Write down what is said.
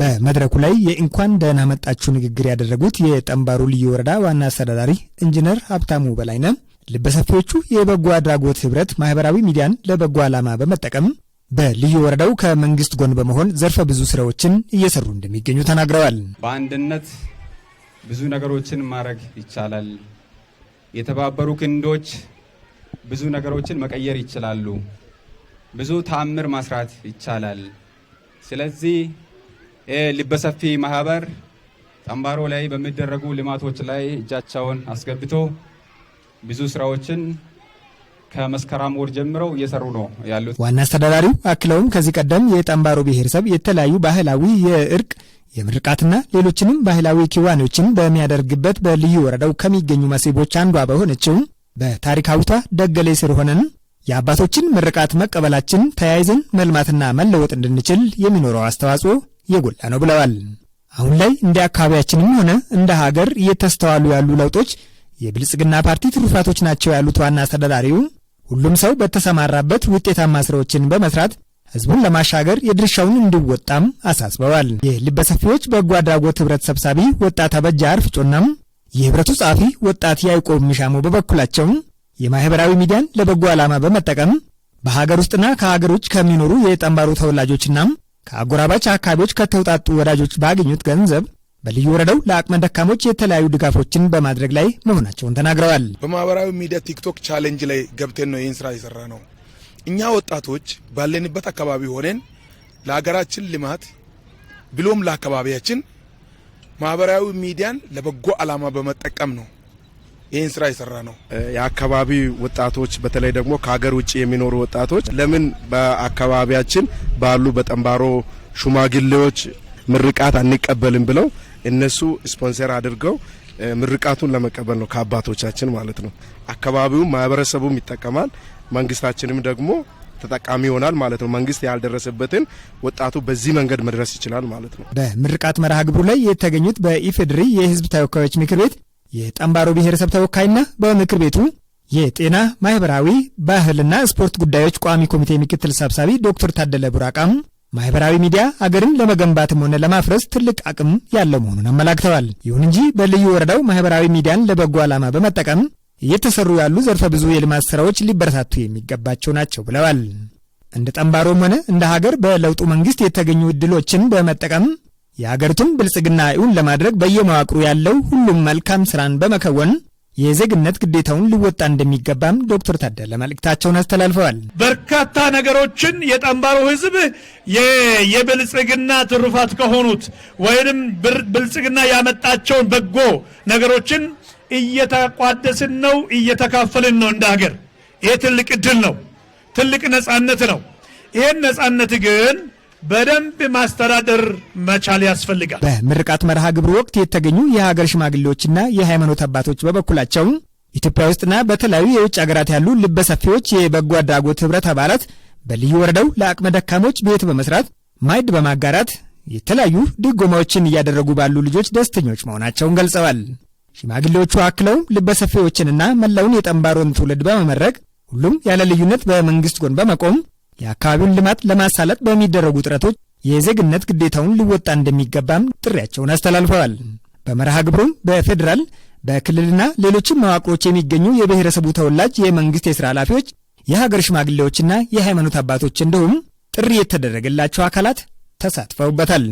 በመድረኩ ላይ የእንኳን ደህና መጣችሁ ንግግር ያደረጉት የጠንባሩ ልዩ ወረዳ ዋና አስተዳዳሪ ኢንጂነር ሀብታሙ በላይነህ ልበሰፊዎቹ የበጎ አድራጎት ህብረት ማህበራዊ ሚዲያን ለበጎ ዓላማ በመጠቀም በልዩ ወረዳው ከመንግስት ጎን በመሆን ዘርፈ ብዙ ስራዎችን እየሰሩ እንደሚገኙ ተናግረዋል። በአንድነት ብዙ ነገሮችን ማድረግ ይቻላል። የተባበሩ ክንዶች ብዙ ነገሮችን መቀየር ይችላሉ። ብዙ ተአምር ማስራት ይቻላል። ስለዚህ ልበሰፊ ማህበር ጠምባሮ ላይ በሚደረጉ ልማቶች ላይ እጃቸውን አስገብቶ ብዙ ስራዎችን ከመስከረም ወር ጀምረው እየሰሩ ነው ያሉት ዋና አስተዳዳሪው አክለውም ከዚህ ቀደም የጠምባሮ ብሔረሰብ የተለያዩ ባህላዊ የእርቅ የምርቃትና ሌሎችንም ባህላዊ ኪዋኔዎችን በሚያደርግበት በልዩ ወረዳው ከሚገኙ መስህቦች አንዷ በሆነችው በታሪካዊቷ ደገሌ ስር ሆነን የአባቶችን ምርቃት መቀበላችን ተያይዘን መልማትና መለወጥ እንድንችል የሚኖረው አስተዋጽኦ የጎላ ነው ብለዋል። አሁን ላይ እንደ አካባቢያችንም ሆነ እንደ ሀገር እየተስተዋሉ ያሉ ለውጦች የብልጽግና ፓርቲ ትሩፋቶች ናቸው ያሉት ዋና አስተዳዳሪው ሁሉም ሰው በተሰማራበት ውጤታማ ስራዎችን በመስራት ህዝቡን ለማሻገር የድርሻውን እንዲወጣም አሳስበዋል። የልበሰፊዎች በጎ አድራጎት ህብረት ሰብሳቢ ወጣት አበጃ አርፍጮናም የህብረቱ ጸሐፊ ወጣት ያዕቆብ ሚሻሞ በበኩላቸው የማህበራዊ ሚዲያን ለበጎ ዓላማ በመጠቀም በሀገር ውስጥና ከሀገር ውጭ ከሚኖሩ የጠንባሮ ተወላጆችና ከአጎራባች አካባቢዎች ከተውጣጡ ወዳጆች ባገኙት ገንዘብ በልዩ ወረዳው ለአቅመ ደካሞች የተለያዩ ድጋፎችን በማድረግ ላይ መሆናቸውን ተናግረዋል። በማህበራዊ ሚዲያ ቲክቶክ ቻሌንጅ ላይ ገብተን ነው ይህን ስራ የሰራ ነው። እኛ ወጣቶች ባለንበት አካባቢ ሆነን ለሀገራችን ልማት ብሎም ለአካባቢያችን ማህበራዊ ሚዲያን ለበጎ ዓላማ በመጠቀም ነው ይህን ስራ የሰራ ነው። የአካባቢ ወጣቶች በተለይ ደግሞ ከሀገር ውጭ የሚኖሩ ወጣቶች ለምን በአካባቢያችን ባሉ በጠንባሮ ሹማግሌዎች ምርቃት አንቀበልም ብለው እነሱ ስፖንሰር አድርገው ምርቃቱን ለመቀበል ነው ከአባቶቻችን ማለት ነው። አካባቢውም ማህበረሰቡም ይጠቀማል፣ መንግስታችንም ደግሞ ተጠቃሚ ይሆናል ማለት ነው። መንግስት ያልደረሰበትን ወጣቱ በዚህ መንገድ መድረስ ይችላል ማለት ነው። በምርቃት መርሃ ግብሩ ላይ የተገኙት በኢፌዴሪ የህዝብ ተወካዮች ምክር ቤት የጠምባሮ ብሔረሰብ ተወካይና በምክር ቤቱ የጤና ማህበራዊ፣ ባህልና ስፖርት ጉዳዮች ቋሚ ኮሚቴ ምክትል ሰብሳቢ ዶክተር ታደለ ቡራቃም ማህበራዊ ሚዲያ አገርን ለመገንባትም ሆነ ለማፍረስ ትልቅ አቅም ያለው መሆኑን አመላክተዋል። ይሁን እንጂ በልዩ ወረዳው ማህበራዊ ሚዲያን ለበጎ ዓላማ በመጠቀም እየተሰሩ ያሉ ዘርፈ ብዙ የልማት ስራዎች ሊበረታቱ የሚገባቸው ናቸው ብለዋል። እንደ ጠምባሮም ሆነ እንደ ሀገር በለውጡ መንግስት የተገኙ እድሎችን በመጠቀም የአገሪቱን ብልጽግና እውን ለማድረግ በየመዋቅሩ ያለው ሁሉም መልካም ስራን በመከወን የዜግነት ግዴታውን ሊወጣ እንደሚገባም ዶክተር ታደለ መልእክታቸውን አስተላልፈዋል። በርካታ ነገሮችን የጠንባሮ ህዝብ የብልጽግና ትሩፋት ከሆኑት ወይም ብልጽግና ያመጣቸውን በጎ ነገሮችን እየተቋደስን ነው፣ እየተካፈልን ነው። እንደ ሀገር ይህ ትልቅ እድል ነው፣ ትልቅ ነጻነት ነው። ይህን ነጻነት ግን በደንብ ማስተዳደር መቻል ያስፈልጋል። በምርቃት መርሃ ግብር ወቅት የተገኙ የሀገር ሽማግሌዎችና የሃይማኖት አባቶች በበኩላቸው ኢትዮጵያ ውስጥና በተለያዩ የውጭ ሀገራት ያሉ ልበሰፊዎች የበጎ አድራጎት ህብረት አባላት በልዩ ወረዳው ለአቅመ ደካሞች ቤት በመስራት ማዕድ በማጋራት የተለያዩ ድጎማዎችን እያደረጉ ባሉ ልጆች ደስተኞች መሆናቸውን ገልጸዋል። ሽማግሌዎቹ አክለው ልበሰፊዎችንና መላውን የጠንባሮን ትውልድ በመመረቅ ሁሉም ያለ ልዩነት በመንግስት ጎን በመቆም የአካባቢውን ልማት ለማሳለጥ በሚደረጉ ጥረቶች የዜግነት ግዴታውን ሊወጣ እንደሚገባም ጥሪያቸውን አስተላልፈዋል። በመርሃ ግብሩም በፌዴራል በክልልና ሌሎችም መዋቅሮች የሚገኙ የብሔረሰቡ ተወላጅ የመንግስት የሥራ ኃላፊዎች፣ የሀገር ሽማግሌዎችና የሃይማኖት አባቶች እንዲሁም ጥሪ የተደረገላቸው አካላት ተሳትፈውበታል።